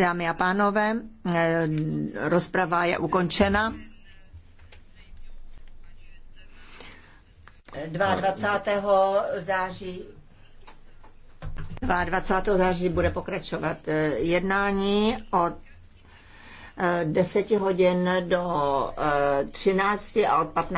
Dámy a pánové, eh, rozprava je ukončena. 22. září 22. září bude pokračovat eh, jednání od 10 eh, hodin do 13 a od 15